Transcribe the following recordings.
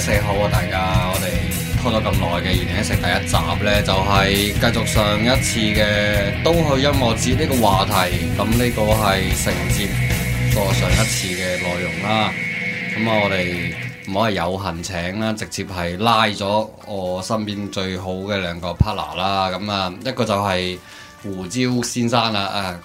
四好啊！大家，我哋拖咗咁耐嘅二零一四第一集呢，就係、是、繼續上一次嘅都搞音樂節呢個話題。咁呢個係承接過上一次嘅內容啦。咁啊，我哋唔好係有閒請啦，直接係拉咗我身邊最好嘅兩個 partner 啦。咁啊，一個就係胡椒先生啦、啊。哎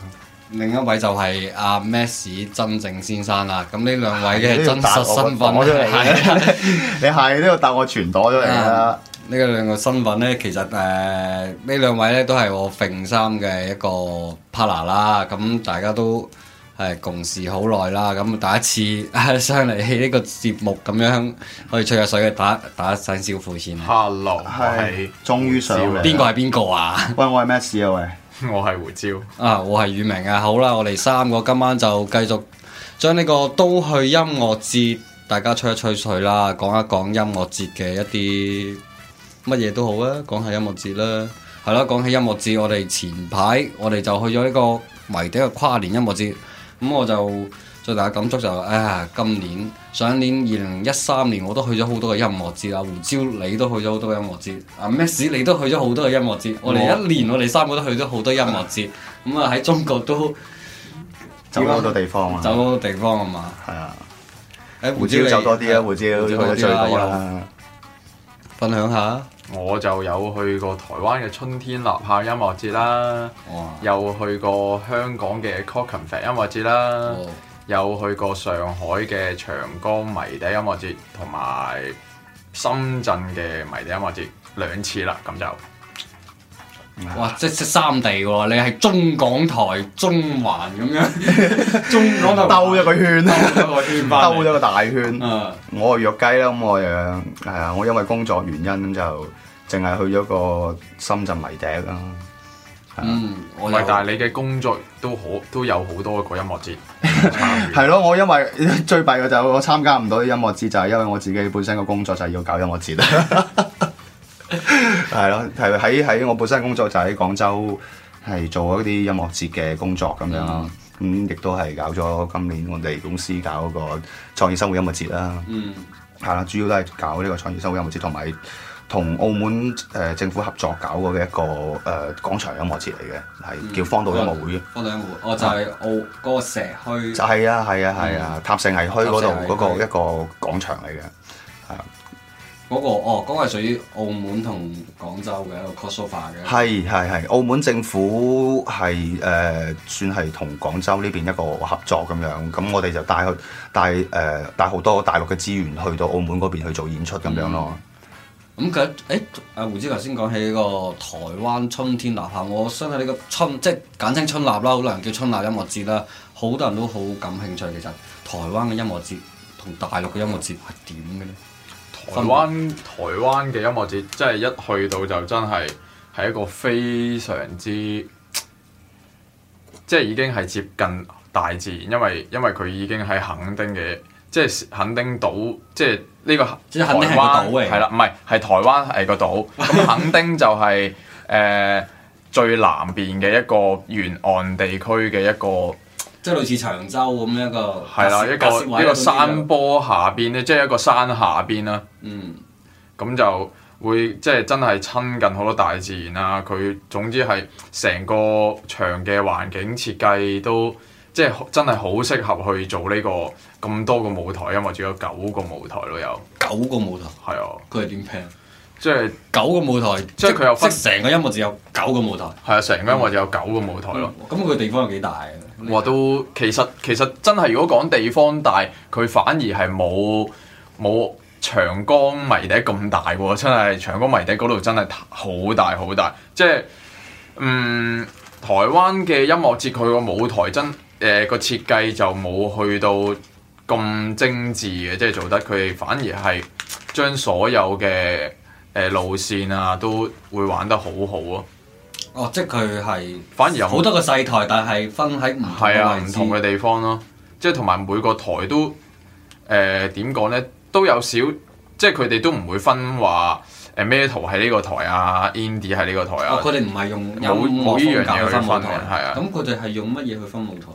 另一位就係阿 Mac 真正先生啦，咁、啊、呢兩位嘅真實身份係， 你係都要答我全袋咗嚟啦。呢個、嗯、兩個身份咧，其實誒呢、呃、兩位咧都係我捹 Fing3 嘅一個 partner 啦、啊。咁、啊、大家都係、啊、共事好耐啦，咁、啊啊、第一次、啊、上嚟呢個節目咁樣可以吹下水，去打打散小火先。Hello，係終於上嚟，邊個係邊個啊？喂，我係 Mac 啊，喂。 我係胡椒啊，我係宇明啊，好啦，我哋三個今晚就繼續將呢個都去音樂節，大家吹一吹水啦，講一講音樂節嘅一啲乜嘢都好啊，講下音樂節啦，係啦，講起音樂節，我哋前排我哋就去咗呢個迷笛嘅跨年音樂節，咁我就最大嘅感觸就，唉、哎呀，今年。上一年二零一三年，我都去咗好多嘅音樂節啦。胡椒，你都去咗好多音樂節。阿 m e s s 你都去咗好多嘅音樂節。我哋一年，我哋三個都去咗好多音樂節。咁啊，喺中國都走咗好多地方啊，走好多地方啊嘛。係啊，喺胡椒走多啲啊，胡椒都去得最多啦。分享下，我就有去過台灣嘅春天立夏音樂節啦，又去過香港嘅 c o c k o n Fair 音樂節啦。有去過上海嘅長江迷笛音樂節同埋深圳嘅迷笛音樂節兩次啦，咁就，哇，即係三地喎！你係中港台中環咁樣， 中港兜台 一個圈，兜咗個，個，個大圈。我約雞啦，咁我誒係啊，我因為工作原因咁就淨係去咗個深圳迷笛啦、啊。嗯，唔、啊、有但係你嘅工作都好，都有好多個音樂節。係咯、 啊，我因為最弊嘅就係我參加唔到啲音樂節，就係、是、因為我自己本身嘅工作就係要搞音樂節。係 咯、啊，係喺喺我本身工作就喺廣州，係做一啲音樂節嘅工作咁樣啦。咁亦都係搞咗今年我哋公司搞個創意生活音樂節啦。嗯，係啦、啊，主要都係搞呢個創意生活音樂節同埋。同澳門誒政府合作搞過嘅一個誒、呃、廣場音樂節嚟嘅，係叫荒島音樂會。荒島音樂會，我就係澳嗰個蛇墟。就係、是、啊，係啊，係啊，啊啊嗯、塔城藝墟嗰度嗰個一個廣場嚟嘅，係啊。嗰、那個哦，嗰、那個係屬於澳門同廣州嘅一個 cosplay 嘅。係係係，澳門政府係誒、呃、算係同廣州呢邊一個合作咁樣，咁我哋就帶帶誒帶好、呃、多大陸嘅資源去到澳門嗰邊去做演出咁樣咯。嗯咁佢，誒、嗯，阿、欸、胡子頭先講起呢個台灣春天立夏，我相信呢個春，即係簡稱春立啦，好多人叫春立音樂節啦，好多人都好感興趣。其實台灣嘅音樂節同大陸嘅音樂節係點嘅咧？台灣別台灣嘅音樂節，即係一去到就真係係一個非常之，即係已經係接近大自然，因為因為佢已經係肯定嘅。即係墾丁島，即係呢個台灣係啦，唔係係台灣係個島。咁 墾丁就係、是、誒、呃、最南邊嘅一個沿岸地區嘅一個，即係類似長洲咁樣一個。係啦的，一個一個，一個山坡下邊咧，即係、嗯、一個山下邊啦。嗯，咁就會即係、就是、真係親近好多大自然啦。佢總之係成個場嘅環境設計都。即係真係好適合去做呢、呢個咁多個舞台，因為仲有九個舞台咯，有九個舞台，係啊，佢係點即係九個舞台，啊、即係佢又分成個音樂節有九個舞台，係啊、嗯，成、嗯、個音樂節有九個舞台咯。咁佢、嗯嗯嗯、地方有幾大啊？哇！都其實其實真係如果講地方大，佢反而係冇冇長江迷笛咁大喎！真係長江迷笛嗰度真係好大好大，即係嗯台灣嘅音樂節佢個舞台真～誒，個設計就冇去到咁精致嘅，即係做得佢哋反而係將所有嘅誒、呃、路線啊都會玩得好好、啊、咯。哦，即係佢係反而有好多個細台，但係分喺唔係啊唔同嘅地方咯、啊。即係同埋每個台都誒點講咧，呃、ouse, 都有少即係佢哋都唔會分話誒咩圖喺呢個台啊，indie 喺呢個台啊。哦，佢哋唔係用冇冇呢樣嘢分台，係啊。咁佢哋係用乜嘢去分舞台？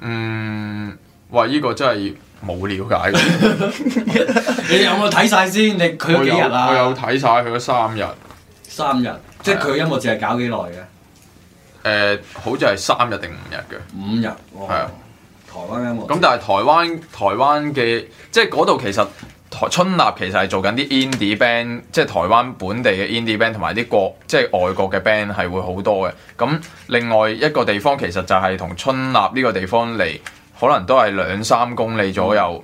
嗯，喂，依、這個真係冇了解嘅。 你有冇睇晒先？你佢幾日啊？我有睇晒，佢嗰三日。三日的，即係佢音樂節係搞幾耐嘅？誒、呃，好似係三日定五日嘅。五日，係、哦、啊，的台灣音樂節。咁但係台灣，台灣嘅即係嗰度其實。春立其實係做緊啲 indie band，即係台灣本地嘅 indie band 同埋啲國即係外國嘅 band 係會好多嘅。咁另外一個地方其實就係同春立呢個地方嚟，可能都係兩三公里左右，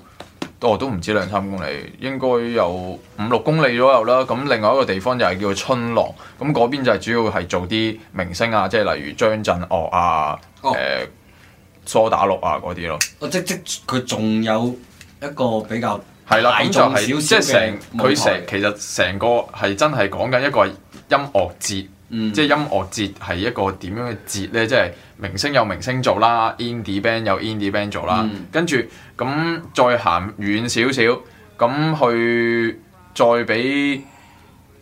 我、哦、都唔知兩三公里，應該有五六公里左右啦。咁另外一個地方就係叫做春浪，咁嗰邊就係主要係做啲明星啊，即係例如張震岳啊、誒蘇、哦呃、打綠啊嗰啲咯。哦，即即佢仲有一個比較。係啦，咁就係、是、即係成佢成其實成個係真係講緊一個音樂節，嗯、即係音樂節係一個點樣嘅節咧？即係明星有明星做啦，indie band 有 indie band 做啦，跟住咁再行遠少少，咁去再俾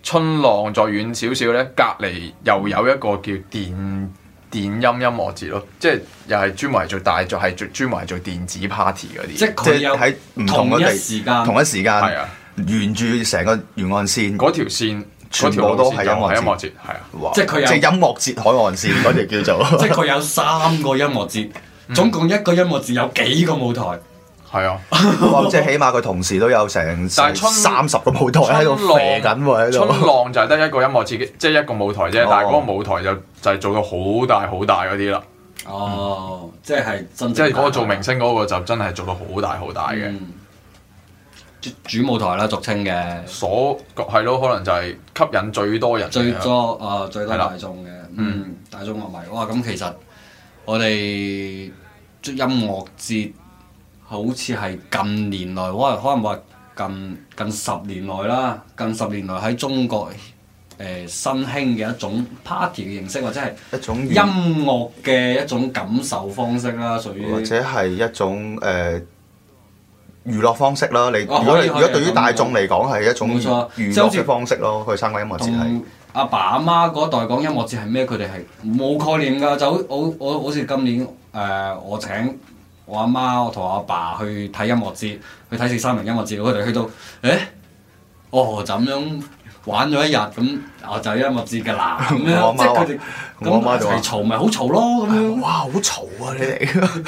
春浪再遠少少咧，隔離又有一個叫電。電音音樂節咯，即係又係專門係做，大，係就係專專門係做電子 party 嗰啲。即係佢有喺唔同嘅地同一時間，同，同一時間係啊，沿住成個沿岸線嗰條線，全部都係音，音樂節，音樂節係啊，哇即係佢有即係音樂節海岸線嗰條 叫做，即係佢有三個音樂節， 總共一個音樂節有幾個舞台。係啊、 嗯，即係起碼佢同時都有成三十個舞台喺度，春浪喎喺度。春浪就係得一個音樂節，即、就、係、係、一個舞台啫。哦、但係嗰個舞台就就係做到好大好大嗰啲啦。哦，即係真大大大，即係嗰個做明星嗰個就真係做到好大好大嘅、嗯。主舞台啦，俗稱嘅。所係咯，可能就係吸引最多人最多、哦，最多啊最多大眾嘅。了嗯，大眾樂迷。哇，咁其實我哋音樂節。好似係近年來，哇！可能話近近十年來啦，近十年來喺中國誒、呃、新興嘅一種 party 嘅形式，或者係一種音樂嘅一種感受方式啦，屬於或者係一種誒娛樂方式啦。你如果你、啊、如果對於大眾嚟講係一種娛樂錯方式咯，去參加音樂節，係阿爸阿媽嗰代講音樂節係咩？佢哋係冇概念㗎。就好我好似今年誒、呃呃、我請。我阿媽，我同我阿爸去睇音樂節，去睇四三零音樂節，佢哋去到，誒、欸，哦，就咁樣玩咗一日，咁啊就係音樂節㗎啦，咁樣，即係佢哋咁，一齊嘈咪好嘈咯，咁樣，哇，好嘈啊！你哋，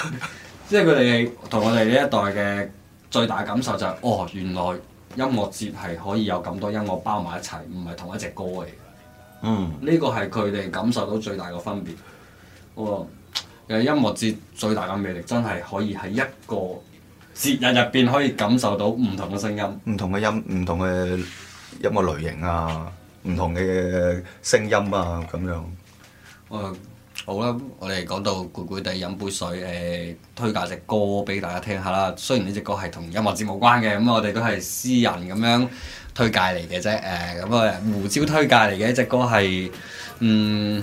即係佢哋同我哋呢一代嘅最大感受就係、是，哦，原來音樂節係可以有咁多音樂包埋一齊，唔係同一隻歌嚟嘅。嗯，呢個係佢哋感受到最大嘅分別。音樂節最大嘅魅力，真係可以喺一個節日入邊可以感受到唔同嘅聲音，唔同嘅音，唔同嘅音樂類型啊，唔同嘅聲音啊咁樣。嗯、好啦，我哋講到攰攰地飲杯水，誒、呃、推介隻歌俾大家聽下啦。雖然呢隻歌係同音樂節冇關嘅，咁我哋都係私人咁樣推介嚟嘅啫。誒咁啊胡椒推介嚟嘅，呢隻歌係嗯。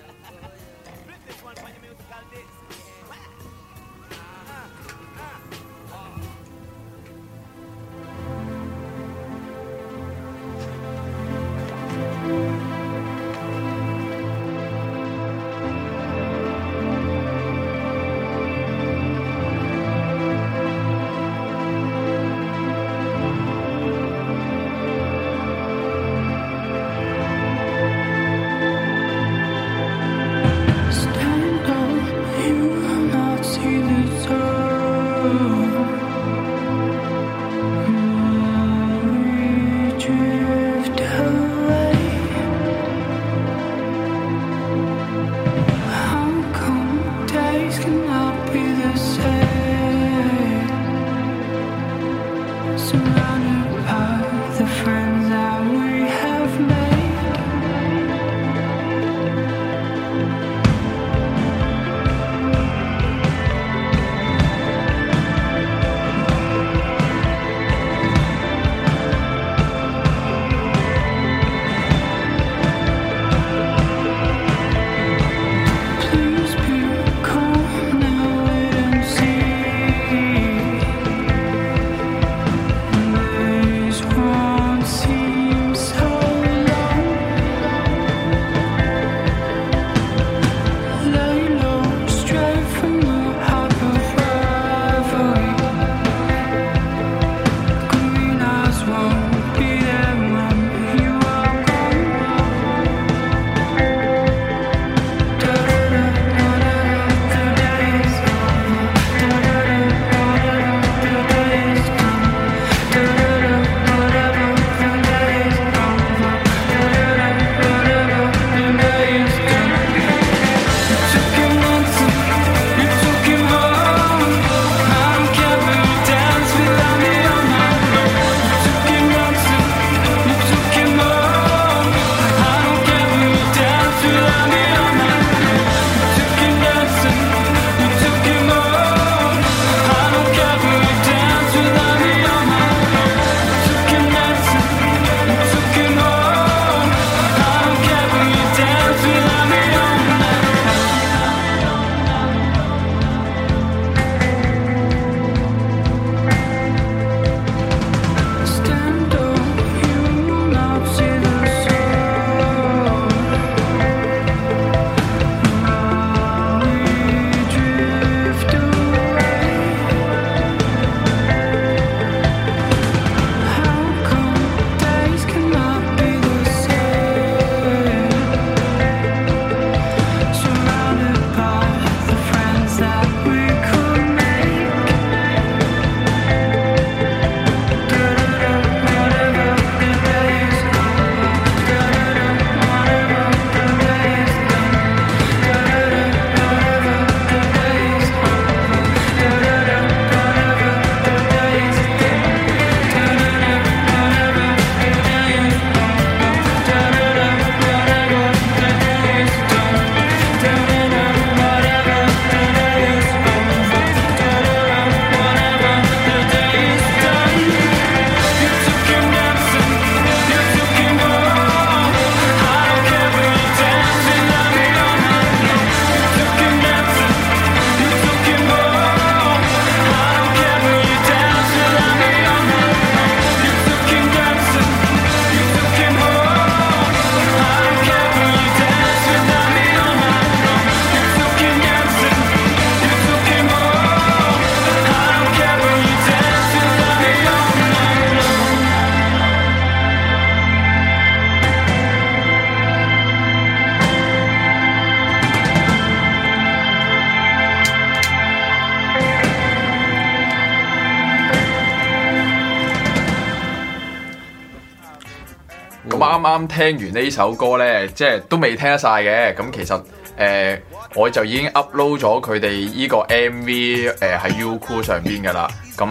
聽完呢首歌呢，即係都未聽得晒嘅。咁其實誒，我就已經 upload 咗佢哋依個 M V 誒喺 YouTube 上邊噶啦。咁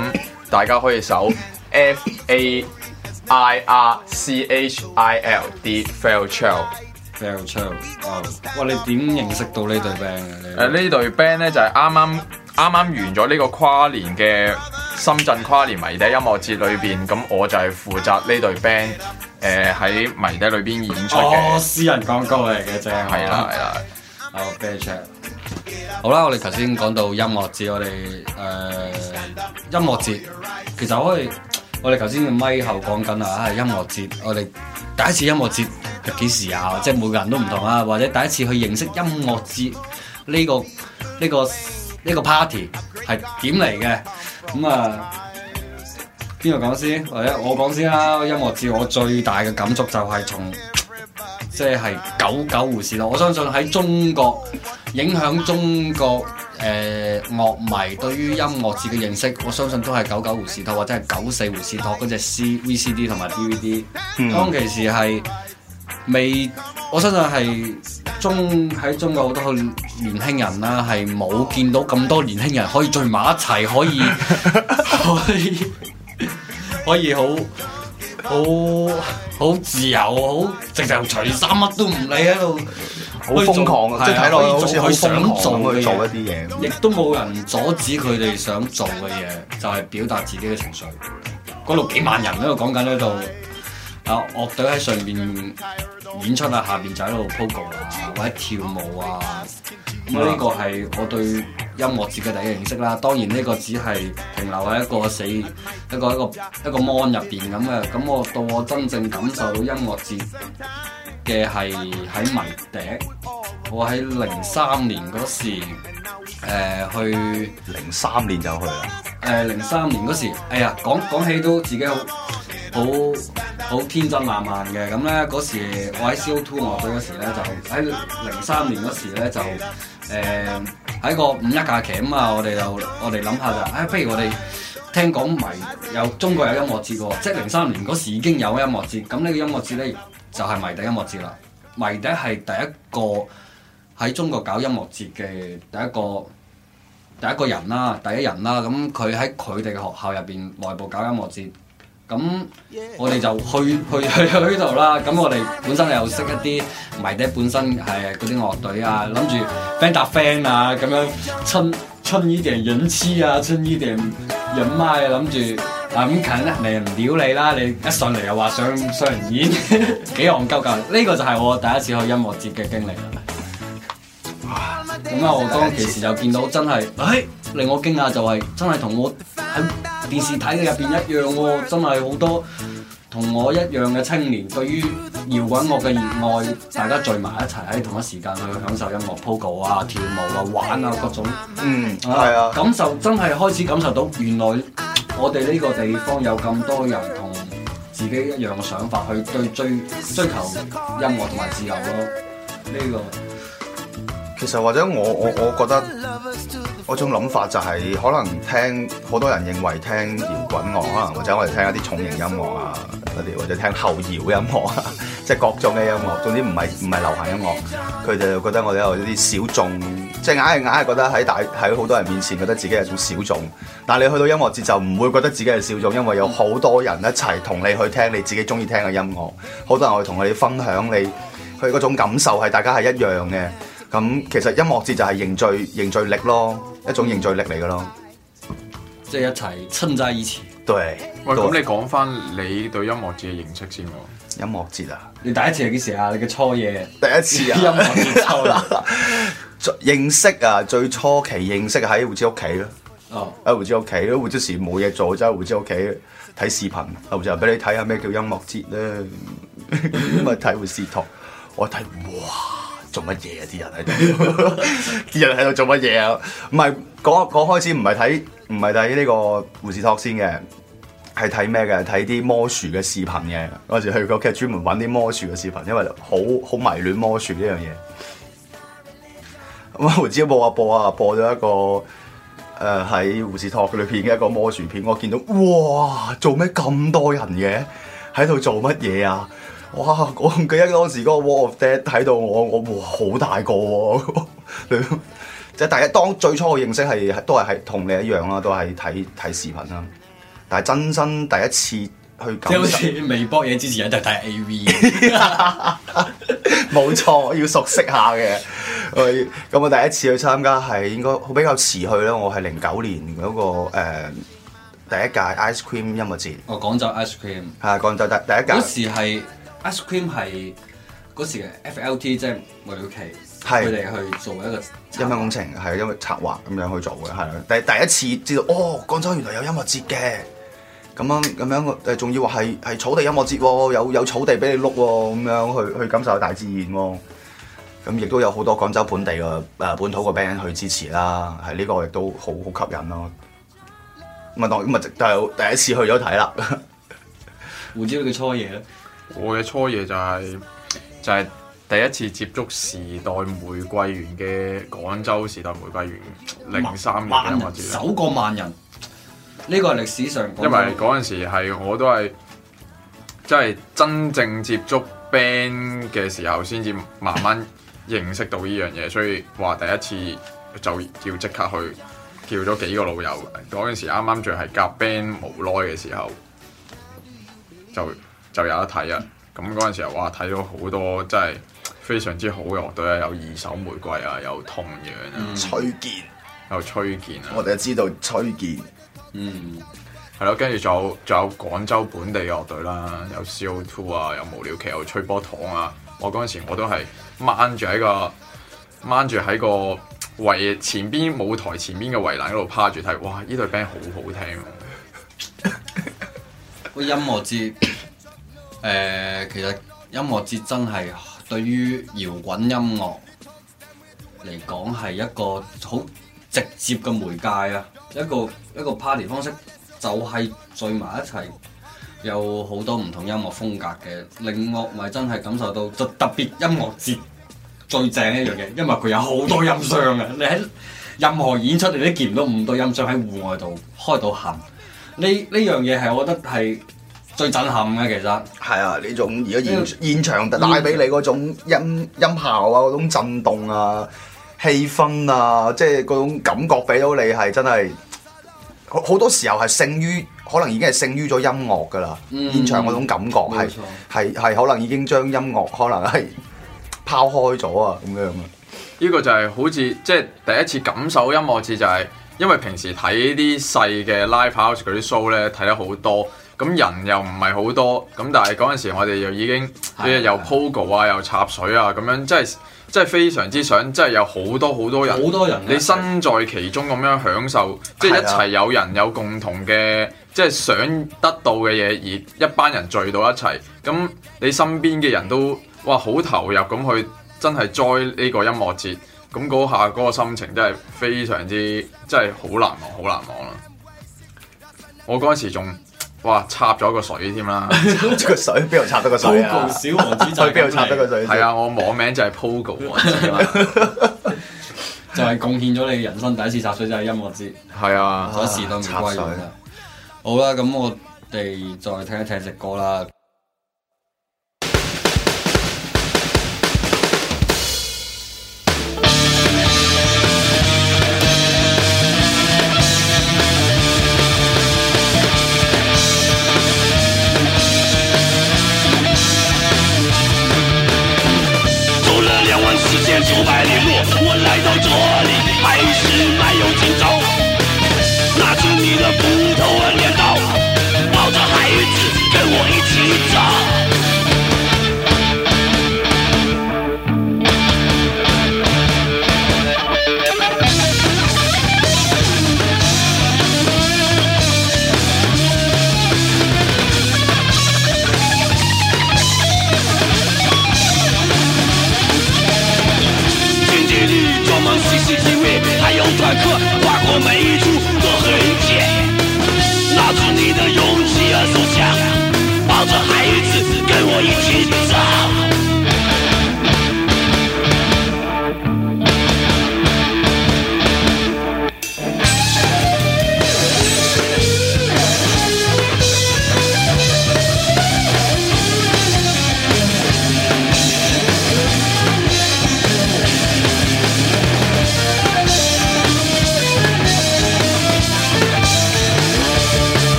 大家可以搜 F A I R C H I L D，feel chill，feel chill。哦，哇！你點認識到呢對 band 嘅？誒，呢對 band 呢，就係啱啱啱啱完咗呢個跨年嘅。深圳跨年迷笛音樂節裏邊，咁我就係負責呢隊 band，誒、呃、喺迷笛裏邊演出嘅、哦。私人廣告嚟嘅啫。係啦，係啦。阿 Bench，哦嗯、好啦，我哋頭先講到音樂節，我哋誒、呃、音樂節，其實可以，我哋頭先嘅咪後講緊啊，音樂節，我哋第一次音樂節係幾時啊？即係每個人都唔同啊，或者第一次去認識音樂節呢個呢個。這個呢個 party 係點嚟嘅？咁啊，邊個講先？或者我，我講先啦。音樂節我最大嘅感觸就係從即係九九胡士托，我相信喺中國影響中國誒、呃、樂迷對於音樂節嘅認識，我相信都係九九胡士托或者係九四胡士托嗰隻 C V C D 同埋 D V D。嗯、當其時係未，我相信係。中喺中國好多年輕人啦，係冇見到咁多年輕人可以聚埋一齊，可以 可以可以好好好自由，好直情除衫乜都唔理喺度，好瘋狂啊！即睇落去好似好想做咁去做一啲嘢，亦都冇人阻止佢哋想做嘅嘢，就係、是、表達自己嘅情緒。嗰度幾萬人喺度講緊呢度。啊！樂隊喺上邊演出啊，下面就邊就喺度 pogo 啊，或者跳舞啊。咁呢 Yeah. 個係我對音樂節嘅第一認識啦。當然呢個只係停留喺一個死一個一個一個 mon 入邊咁嘅。咁我到我真正感受到音樂節嘅係喺迷笛。我喺零三年嗰時，呃，去零三年就去啦。誒零三年嗰時，哎呀，講講起都自己好好天真爛漫嘅咁呢，嗰時我喺 C O Two 樂隊嗰時咧，就喺零三年嗰時咧，就誒喺、呃、個五一假期咁啊，我哋就，我哋諗下就，哎，不如我哋聽講迷有中國有音樂節喎，即係零三年嗰時已經有音樂節，咁呢個音樂節呢，就係、是、迷笛音樂節啦。迷笛係第一個喺中國搞音樂節嘅第一個第一個人啦，第一人啦。咁佢喺佢哋嘅學校入邊內部搞音樂節。咁我哋就去去去去呢度啦。咁我哋本身又識一啲迷笛本身係嗰啲樂隊啊，諗住 friend 搭 friend 啊，咁樣親親依啲人影師啊，春依啲人媽啊，諗住嗱咁近咧嚟唔屌你啦！你一上嚟又話想上人演，幾戇鳩噶？呢、這個就係我第一次去音樂節嘅經歷啦。咁啊，我當其時就見到真係，令我驚訝就係真係同我喺～電視睇嘅入邊一樣喎、哦，真係好多同我一樣嘅青年對於搖滾樂嘅熱愛，大家聚埋一齊喺同一時間去享受音樂、Pogo 啊、跳舞啊、玩啊各種，嗯，係啊，啊感受真係開始感受到原來我哋呢個地方有咁多人同自己一樣嘅想法去對追追追求音樂同埋自由咯。呢、這個其實或者我我我覺得。我種諗法就係、是、可能聽好多人認為聽搖滾樂可能或者我哋聽一啲重型音樂啊嗰啲，或者聽後搖音樂即係各種嘅音樂，總之唔係唔係流行音樂，佢就覺得我哋有啲小眾，即係硬係硬係覺得喺大喺好多人面前覺得自己係一種小眾。但係，你去到音樂節就唔會覺得自己係小眾，因為有好多人一齊同你去聽你自己中意聽嘅音樂，好多人去同你分享你佢嗰種感受係大家係一樣嘅。咁其實音樂節就係凝聚凝聚力咯。一種凝聚力嚟噶咯，即係一齊親揸以前。對，喂，咁你講翻你對音樂節嘅認識先喎？音樂節啊，你第一次係幾時啊？你嘅初夜第一次啊？音樂節初啦！認識啊，最初期認識喺胡椒屋企咯。哦，喺胡椒屋企咯，胡椒時冇嘢做，即喺胡椒屋企睇視頻，胡椒俾你睇下咩叫音樂節咧，咁啊睇胡士托，我睇哇！做乜嘢啊？啲 人喺度，啲人喺度做乜嘢啊？唔係講，講開始唔係睇，唔係睇呢個護士托先嘅，係睇咩嘅？睇啲魔術嘅視頻嘅。嗰陣時去個屋企，專門揾啲魔術嘅視頻，因為好好，好迷戀魔術呢樣嘢。我胡椒播啊播啊播咗一個，誒、呃、喺護士托裏邊嘅一個魔術片，我見到哇，做咩咁多人嘅，喺度做乜嘢啊？哇！我記得當時嗰、那個 Wall of Death 睇到我，我好大個喎、啊，即係第一當最初嘅認識係都係係同你一樣啦，都係睇睇視頻啦、啊。但係真心第一次去即好似未博嘢之前都係睇 AV，冇錯，要熟悉下嘅。咁 我第一次去參加係應該比較遲去啦。我係零九年嗰、那個、呃、第一屆 Ice Cream 音樂節。我廣州 Ice Cream 係廣州第第一屆嗰時 Ice Cream 係嗰時嘅 FLT，即係我哋屋企佢哋去做一個音樂工程，係因為策劃咁樣去做嘅，係啊！第第一次知道哦，廣州原來有音樂節嘅，咁樣咁樣誒，仲要話係係草地音樂節喎，有有草地俾你碌喎，咁樣去去感受大自然喎，咁亦都有好多廣州本地嘅誒、呃、本土嘅 band 去支持啦，係呢、這個亦都好好吸引咯。我當日都係第一第一次去咗睇啦，胡椒嘅初夜。我嘅初夜就係、是、就係、是、第一次接觸時代玫瑰園嘅廣州時代玫瑰園零三年，萬人我首過萬人，呢個係歷史上，因為嗰陣時係我都係即係真正接觸 band 嘅時候，先至慢慢認識到呢樣嘢，所以話第一次就叫即刻去叫咗幾個老友，嗰陣時啱啱仲係夾 band 無耐嘅時候就。就有得睇啊！咁嗰陣時候，哇，睇咗好多真係非常之好嘅樂隊啊，有二手玫瑰啊，有痛仰啊，崔、嗯、健，有崔健啊。我哋知道崔健，嗯，係咯、嗯。跟住仲有仲有廣州本地樂隊啦，有 C O Two 啊，有無聊騎，有吹波糖啊。我嗰陣時我都係掹住喺個掹住喺個圍前邊舞台前邊嘅圍欄喺度趴住睇，哇！呢對 band 好好聽啊，個 音樂節 之。 誒，其實音樂節真係對於搖滾音樂嚟講係一個好直接嘅媒介啊！一個一個 party 方式就係聚埋一齊，有好多唔同音樂風格嘅。令樂迷，咪真係感受到就特別音樂節最正一樣嘢，因為佢有好多音響嘅。 你喺任何演出你都見唔到咁多音響喺戶外度開到行呢，呢樣嘢係我覺得係。最震撼嘅其實係 啊！呢種而家現現場帶俾你嗰種音音，樂音效啊，嗰種震動啊、氣氛啊，即係嗰種感覺俾到你係真係，好好多時候係勝於可能已經係勝於咗音樂噶啦。嗯、現場嗰種感覺係係係可能已經將音樂可能係拋開咗啊咁樣啊。呢個就係好似即係第一次感受音樂節就係因為平時睇啲細嘅 Live House 嗰啲 show 咧睇得好多。咁人又唔係好多，咁但係嗰陣時我哋又已經即係又 pogo 啊，又、啊、插水啊，咁樣即係即係非常之想，即係有好多好多人，好多人、啊，你身在其中咁樣享受，即係、啊、一齊有人有共同嘅，即係想得到嘅嘢，而一班人聚到一齊，咁你身邊嘅人都哇好投入咁去，真係栽呢個音樂節，咁嗰下嗰個心情真係非常之，真係好難忘，好難忘啦！我嗰陣時仲。哇！插咗個水添啦，插咗個水，邊度 插得個水啊 Pogo 小王子就係邊度插得個水？係啊，我網名就係 Pogo 啊， 就係貢獻咗你人生第一次插水就係、是、音樂節，係 啊，所時都唔歸了。啊、插水好啦，咁我哋再聽一聽食歌啦。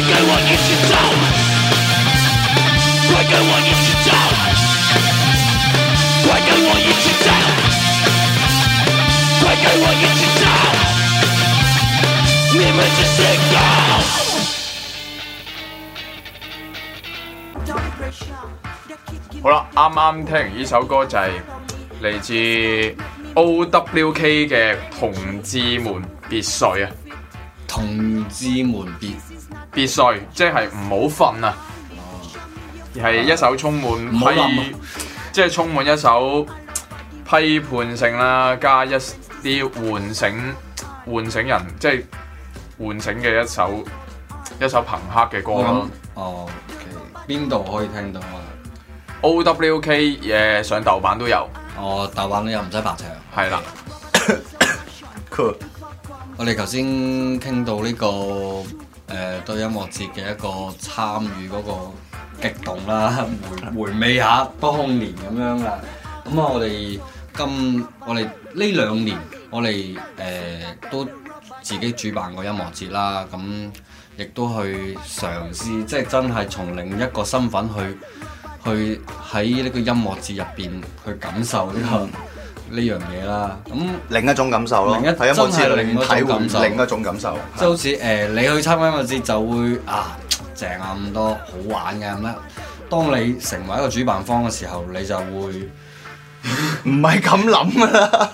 快跟我一起走！快跟我一起走！快跟我一起走！快跟我一起走！你們只是狗。好啦，啱啱聽完呢首歌就係嚟自 OWK 嘅《同志們別睡》啊，《同志們別睡》。別睡即係唔好瞓啊，而係一首充滿批，即係充滿一首批判性啦，加一啲喚醒、喚醒人，即係喚醒嘅一首一首朋克嘅歌咯、嗯。哦，okay。邊度可以聽到啊？O W K 誒、yeah，上豆瓣都有。哦，豆瓣都又唔使白唱。係啦。Cool. 我哋頭先傾到呢個。誒對、呃、音樂節嘅一個參與嗰個激動啦，回回味下當年咁樣啦。咁啊，我哋今我哋呢兩年，我哋誒、呃、都自己主辦過音樂節啦。咁亦都去嘗試，即、就、係、是、真係從另一個身份去去喺呢個音樂節入邊去感受呢、這個。嗯呢樣嘢啦，咁另一種感受咯，係啊，真係另一感受，另一種感受。即係好似誒，你去參加音樂節就會啊，正啊，咁多好玩嘅咁樣。當你成為一個主辦方嘅時候，你就會唔係咁諗噶啦，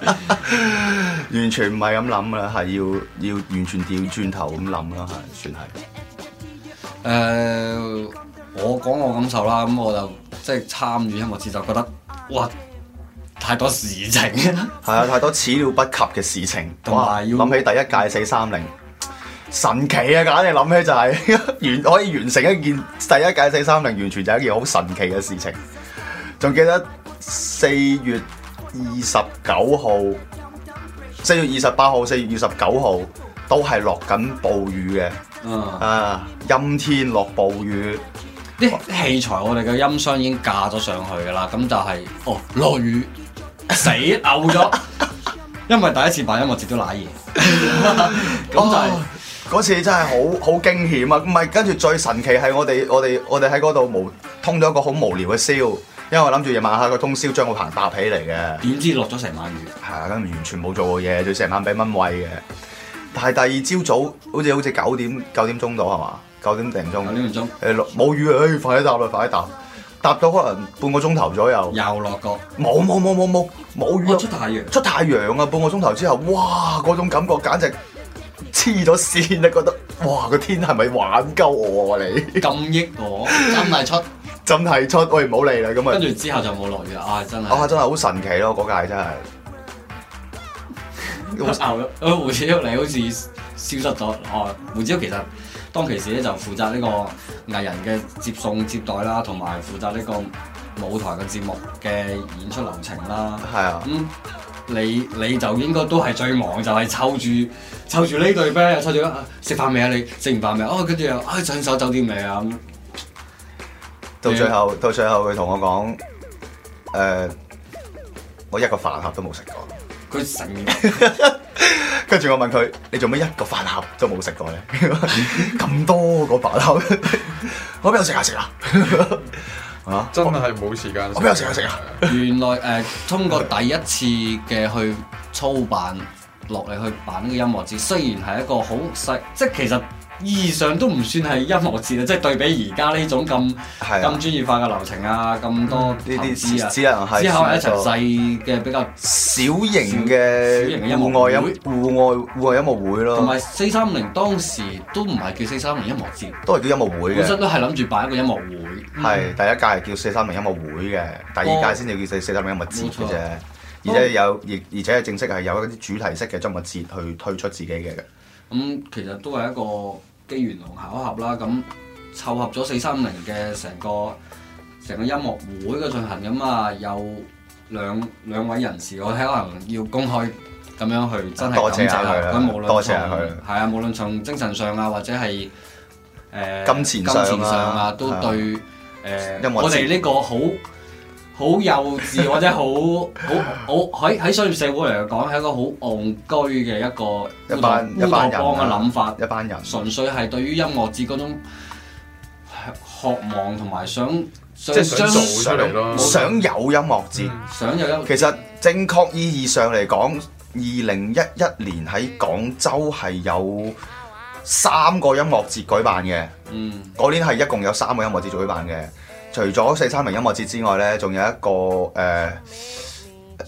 完全唔係咁諗啦，係要要完全掉轉頭咁諗啦，係算係。誒，我講我感受啦，咁我就即係參與音樂節就覺得哇！太多事情，係 啊！太多始料不及嘅事情。有哇！諗起第一屆四三零，神奇啊！梗係諗起就係、是、完可以完成一件第一屆四三零，完全就係一件好神奇嘅事情。仲記得四月二十九號、四月二十八號、四月二十九號都係落緊暴雨嘅。嗯啊，陰、啊、天落暴雨，啲、欸、器材我哋嘅音箱已經架咗上去噶啦。咁就係、是、哦，落雨。死嘔咗， 因為第一次辦音樂節都瀨嘢，咁 就係、是、嗰、oh, 次真係好好驚險啊！唔係，跟住最神奇係我哋我哋我哋喺嗰度無通咗一個好無聊嘅宵，因為我諗住夜晚黑個通宵將個棚搭起嚟嘅，點知落咗成晚雨，係啊，咁完全冇做過嘢，就成晚俾蚊喂嘅。但係第二朝早好似好似九點九點鐘到，係嘛？九點零鐘，九點零鐘，誒落冇雨誒、欸，快一搭啦，快一搭。搭到可能半個鐘頭左右，又落過，冇冇冇冇冇冇雨、啊、出太陽，出太陽啊！半個鐘頭之後，哇！嗰種感覺簡直黐咗線，你覺得哇！個天係咪玩救我喎、啊？你咁益我，真係出， 真係出！我哋唔好嚟啦，咁啊。跟住之後就冇落雨啦，啊！真係、啊啊， 啊！真係好神奇咯，嗰屆真係。胡椒，胡椒喐你好似消失咗哦！胡椒其實。當其時咧就負責呢個藝人嘅接送接待啦，同埋負責呢個舞台嘅節目嘅演出流程啦。係是啊，嗯，你你就應該都係最忙，就係湊住湊住呢對啤，a i 湊住食飯未啊？你食完飯未哦，跟、啊、住又唉、啊、上手酒店未啊？到最後樣到最後佢同我講，誒、嗯，uh, 我一個飯盒都冇食過，佢成。跟住我問佢：你做咩一個飯盒都冇食過咧？咁 多個飯盒，我邊有、啊啊 啊、有時間食我啊，啊？嚇！真係冇時間。我邊有時間食啊？原來誒，通、呃、過第一次嘅去操辦落嚟去辦呢個音樂節，雖然係一個好細，即係其實。意義上都唔算係音樂節啦，即係對比而家呢種咁咁專業化嘅流程啊，咁多呢啲啊，之後一齊細嘅比較小型嘅戶外音戶外戶外音樂會咯。同埋四三零當時都唔係叫四三零音樂節，都係叫音樂會。本身都係諗住辦一個音樂會。係第一屆係叫四三零音樂會嘅，第二屆先至叫四四三零音樂節嘅啫。而且有，而而且係正式係有一啲主題式嘅音樂節去推出自己嘅。咁、嗯、其實都係一個機緣同巧合啦，咁、嗯、湊合咗四三零嘅成個成個音樂會嘅進行咁啊、嗯，有兩兩位人士，我睇可能要公開咁樣去真係感謝佢，謝謝無論從係啊，無論從精神上啊，或者係誒、呃、金錢上啊，上啊都對誒，我哋呢個好，好幼稚或者好好好喺喺商業社會嚟講係一個好戇居嘅一個烏托邦嘅諗法，一班人，純粹係對於音樂節嗰種渴望同埋想，想即係想做出嚟咯，將想有音樂節，嗯、想有音樂。其實正確意義上嚟講，二零一一年喺廣州係有三個音樂節舉辦嘅。嗯，嗰年係一共有三個音樂節舉辦嘅。除咗四三零音樂節之外咧，仲有一個誒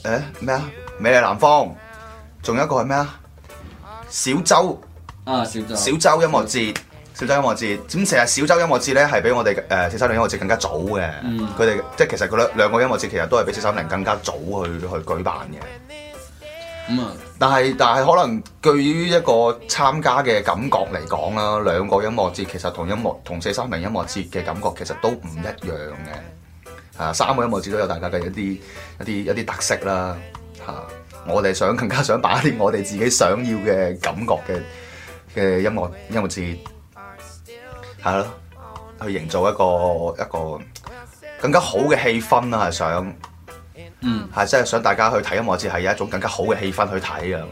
誒咩啊？美麗南方，仲有一個係咩啊？小洲啊，小洲、嗯、小洲音樂節，小洲音樂節。咁其實小洲音樂節咧，係比我哋誒四三零音樂節更加早嘅。嗯，佢哋即係其實佢兩兩個音樂節其實都係比四三零更加早去去舉辦嘅。咁但係但係可能，對於一個參加嘅感覺嚟講啦，兩個音樂節其實同音樂同四三零音樂節嘅感覺其實都唔一樣嘅。啊，三個音樂節都有大家嘅一啲一啲一啲特色啦。嚇、啊，我哋想更加想把一啲我哋自己想要嘅感覺嘅嘅音樂音樂節，係咯，去營造一個一個更加好嘅氣氛啦，係想。嗯，係即係想大家去睇音樂節，係有一種更加好嘅氣氛去睇啊，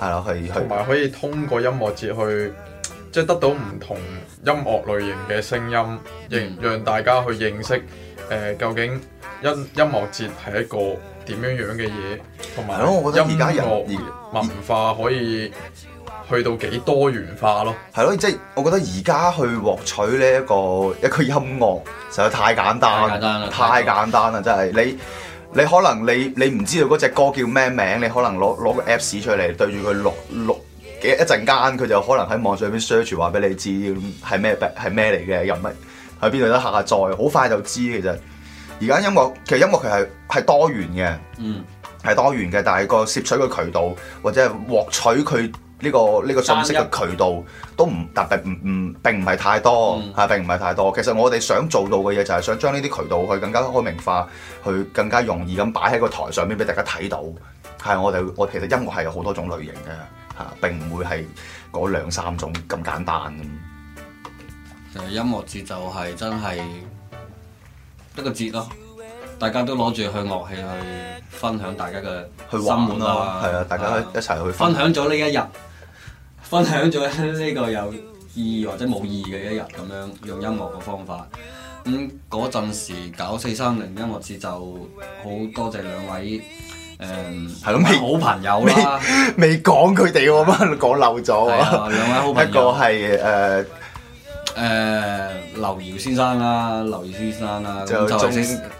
係咯，去去同埋可以通過音樂節去即係得到唔同音樂類型嘅聲音，認、嗯、讓大家去認識誒、呃、究竟音音樂節係一個點樣樣嘅嘢，同埋咯，我覺得而家音樂文化可以去到幾多元化咯。係咯，即係我覺得而家去獲取呢、呢、一個一、一個音樂實在太簡單，太簡單啦，太簡單啦，真係你。你你可能你你唔知道嗰隻歌叫咩名，你可能攞攞個 Apps 出嚟對住佢錄錄幾一陣間，佢就可能喺網上邊 search 話俾你知係咩嘅係咩嚟嘅，又乜喺邊度得下載，好快就知。其實而家音樂，其實音樂其實係多元嘅，係、嗯、多元嘅，但係個攝取嘅渠道或者係獲取佢。呢、這個呢、這個信息嘅渠道都唔，特別並唔唔並唔係太多，嚇、嗯、並唔係太多。其實我哋想做到嘅嘢就係想將呢啲渠道去更加開明化，去更加容易咁擺喺個台上面俾大家睇到。係我哋，我,我其實音樂係有好多種類型嘅嚇，並唔會係嗰兩三種咁簡單。誒，音樂節就係真係一個節咯，大家都攞住佢樂器去分享，大家嘅生活咯，係啊，大家一齊去分享咗呢一日。分享咗呢個有意義或者冇意義嘅一日咁樣，用音樂嘅方法。咁嗰陣時搞四三零音樂節就好多謝兩位，誒係咯，好朋友啦。未講佢哋，我乜講漏咗、哦。係啊，兩位好朋友。一個係誒誒劉耀先生啦，劉耀先生啦，就做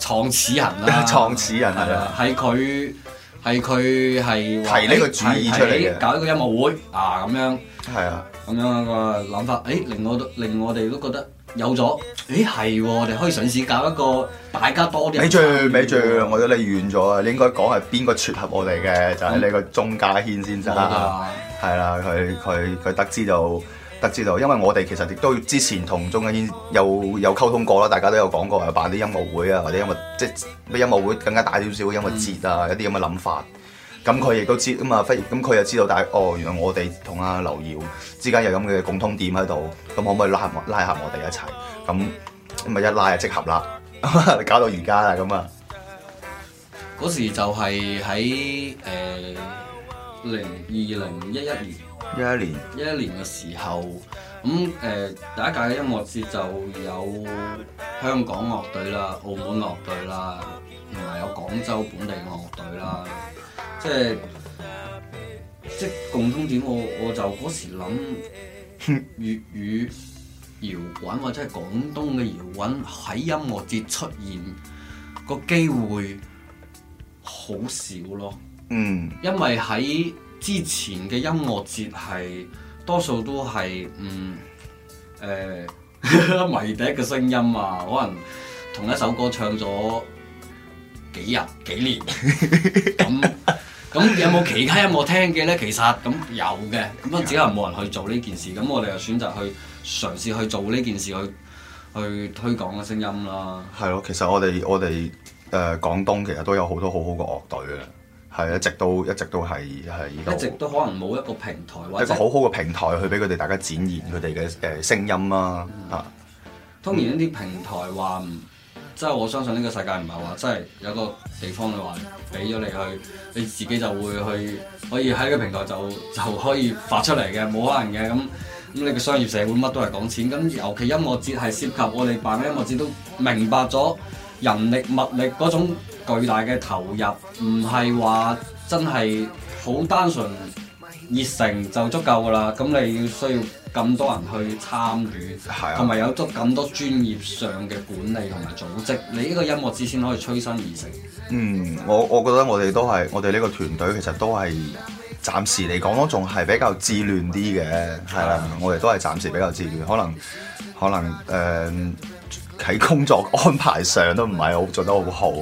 創始人啦，創始人係啦，喺佢、啊。係佢係提呢個主意出嚟，哎，搞一個音樂會啊咁樣，係啊是的，咁樣個諗法，誒，哎，令我都令我哋都覺得有咗，誒，哎，係，我哋可以嘗試搞一個大家多啲。咪住咪住，我覺得你遠咗啊，嗯，你應該講係邊個撮合我哋嘅就係、是、你個鐘嘉軒先生。係啦，嗯，佢佢佢得知到，得知到，因為我哋其實亦都之前同鐘嘉軒有有溝通過啦，大家都有講過話辦啲音樂會啊，或者音樂。即係音樂會更加大少少音樂節啊，有啲咁嘅諗法，咁佢亦都知咁啊，非咁佢又知道，但係哦，原來我哋同阿劉耀之間有咁嘅共通點喺度，咁可唔可以拉合拉合我哋一齊？咁咁咪一拉就即合啦， 搞到而家啦咁啊！嗰時就係喺誒零二零一一年一一年一一年嘅時候。咁誒、嗯呃、第一屆嘅音樂節就有香港樂隊啦、澳門樂隊啦，同埋有廣州本地樂隊啦，即係即共通點我。我我就嗰時諗 粵語搖滾或者係廣東嘅搖滾喺音樂節出現個機會好少咯。嗯，因為喺之前嘅音樂節係，多數都係嗯誒，欸、 迷笛嘅聲音啊，可能同一首歌唱咗幾日幾年，咁 咁 有冇其他音樂 聽嘅咧？其實咁有嘅，咁啊只有冇人去做呢件事，咁我哋又選擇去嘗試去做呢件事，去去推廣嘅聲音啦。係咯，其實我哋我哋誒廣東其實都有好多好好嘅樂隊嘅。係啊，一直都，一直都係係一,一直都可能冇一個平台，或者一個好好嘅平台去俾佢哋大家展現佢哋嘅誒聲音啦啊。當然呢啲平台話，即係我相信呢個世界唔係話即係有一個地方你話俾咗你去，你自己就會去可以喺個平台就就可以發出嚟嘅，冇可能嘅。咁咁你個商業社會乜都係講錢，咁尤其音樂節係涉及我哋辦嘅音樂節都明白咗。人力物力嗰種巨大嘅投入，唔係話真係好單純熱誠就足夠噶啦。咁你要需要咁多人去參與，同埋、啊、有足咁多專業上嘅管理同埋組織，你呢個音樂之先可以催生而成。嗯，我我覺得我哋都係，我哋呢個團隊其實都係暫時嚟講都仲係比較自亂啲嘅，係啦、啊，啊、我哋都係暫時比較自亂，可能可能誒。呃喺工作安排上都唔係好做得好好，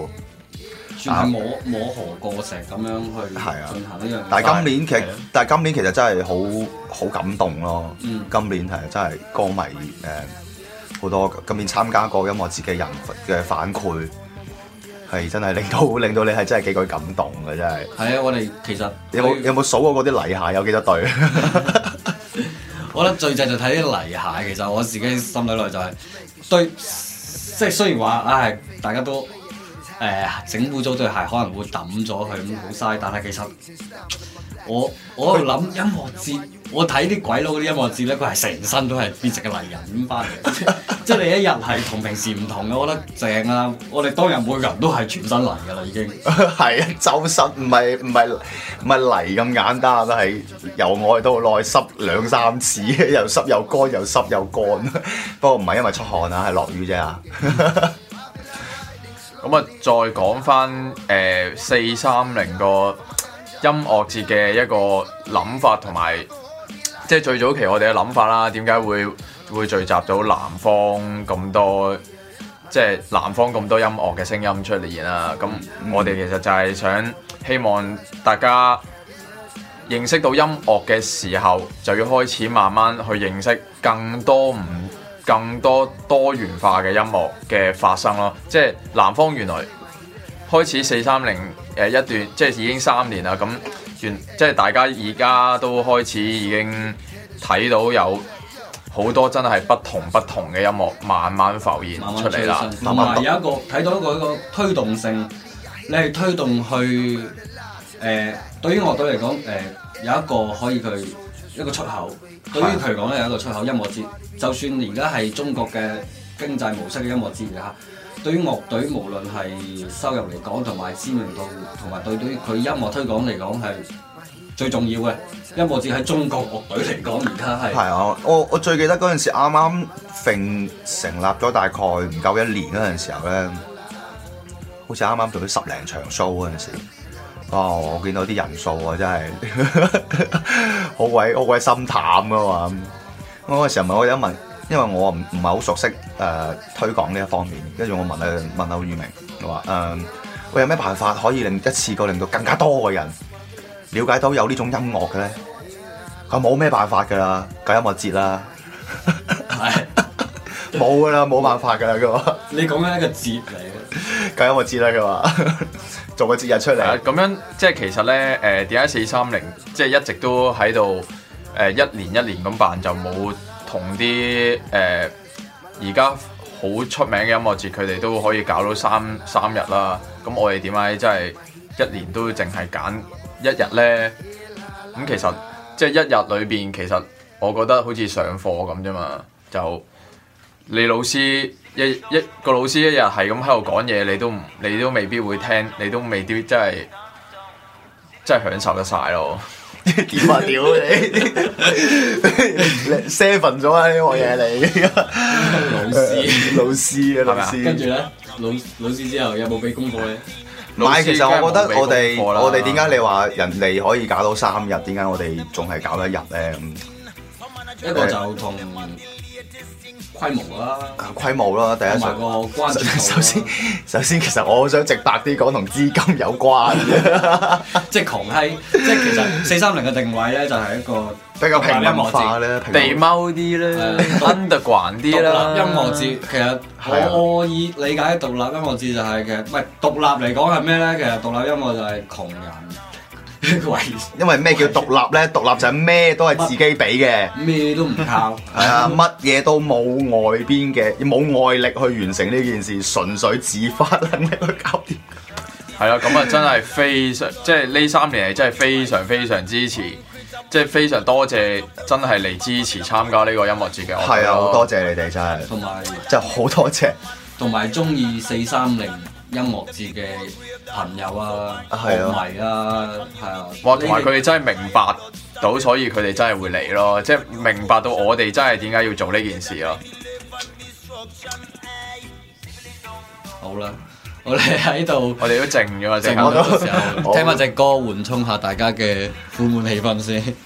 全係摸但摸河過石咁樣去進行呢樣。但係今年其實，的但係今年其實真係好好感動咯。嗯、今年係真係歌迷誒好多，今年參加過音樂節嘅人嘅反饋係真係令到令到你係真係幾句感動嘅真係。係啊，我哋其實有有冇他 數過嗰啲泥蟹有幾多對？ 我諗最正就睇啲泥蟹，其實我自己心裏內裡就係、是、對。即係雖然話，唉，大家都誒整污糟對鞋可能會抌咗佢，咁好嘥，但係其實。我我喺度諗音樂節，我睇啲鬼佬嗰啲音樂節咧，佢係成身都係變成個泥人翻嚟，即係你一日係同平時唔同嘅，我覺得正啊！我哋當人日每人都係全身泥噶啦，已經係啊，周身唔係唔係唔係泥咁簡單，都係由外到內濕兩三次，又濕又乾又濕又乾。不過唔係因為出汗啊，係落雨啫。咁啊，再講翻誒四三零個。音樂節嘅一個諗法同埋，即係最早期我哋嘅諗法啦。點解會會聚集到南方咁多，即係南方咁多音樂嘅聲音出嚟啦？咁我哋其實就係想希望大家認識到音樂嘅時候，就要開始慢慢去認識更多唔更多多元化嘅音樂嘅發生咯。即係南方原來。開始四三零誒一段，即係已經三年啦。咁原即係大家而家都開始已經睇到有好多真係不同不同嘅音樂慢慢浮現出嚟啦。同埋、嗯嗯、有一個睇到一個一個推動性，你係推動去誒、呃、對於樂隊嚟講誒有一個可以佢一個出口。對於佢嚟講咧有一個出口。音樂節就算而家係中國嘅經濟模式嘅音樂節嚇。對於樂隊，無論係收入嚟講，同埋知名度，同埋對於佢音樂推廣嚟講，係最重要嘅。音樂節喺中國樂隊嚟講，而家係。係啊，我我最記得嗰陣時，啱啱捹成立咗大概唔夠一年嗰陣時候咧，好似啱啱做咗十零場 show 嗰陣時，啊、哦，我見到啲人數啊，真係 好鬼好鬼心淡啊嘛。咁我嗰陣時咪我一問。因為我唔唔係好熟悉誒、呃、推廣呢一方面，跟住我問誒問下宇明佢話誒，我、嗯、有咩辦法可以令一次過令到更加多嘅人了解到有呢種音樂嘅咧？佢冇咩辦法㗎啦，搞音樂節啦，冇㗎啦，冇辦法㗎啦，佢話，你講緊一個節嚟嘅，搞音樂節啦，佢話，做個節日出嚟，啊。咁樣即係其實咧誒，點解四三零即係一直都喺度誒一年一年咁辦就冇？同啲誒而家好出名嘅音樂節，佢哋都可以搞到三三日啦。咁我哋點解即係一年都淨係揀一日呢？咁、嗯、其實即係一日裏邊，其實我覺得好似上課咁啫嘛。就你老師一一,一個老師一日係咁喺度講嘢，你都唔你都未必會聽，你都未必真係真係享受得晒咯。點啊屌你！你 seven 咗啊呢行嘢你，老師老師啊老師，跟住咧老老師之後有冇俾功課咧？唔係，其實我覺得我哋我哋點解你話人哋可以搞到三日，點解我哋仲係搞一日咧？一個就同。規模啦，規模啦，第一。同埋個關注度啦。首先，首先其實我好想直白啲講，同資金有關，即係窮閪。即係其實四三零嘅定位咧，就係一個比較平嘅音樂節，地踎啲咧，underground 啲啦，音樂節。其實我我以理解獨立音樂節就係其實唔係獨立嚟講係咩咧？其實獨立音樂就係窮人。因為咩叫獨立呢？獨立就係咩都係自己俾嘅，咩都唔靠。係 啊，乜嘢都冇外邊嘅，冇外力去完成呢件事，純粹自發能力去搞掂、 啊。係啦，咁啊真係非常，即係呢三年嚟真係非常非常支持，即係非常多謝，真係嚟支持參加呢個音樂節嘅。係啊，好多謝你哋真係，同埋真係好多謝，同埋中意四三零。音樂節嘅朋友啊，樂迷啦，係啊！哇，同埋佢哋真係明白到，所以佢哋真係會嚟咯，即係明白到我哋真係點解要做呢件事咯 。好啦，我哋喺度，我哋都靜咗，靜咗，時候，聽翻隻歌緩衝下大家嘅苦悶氣氛先。的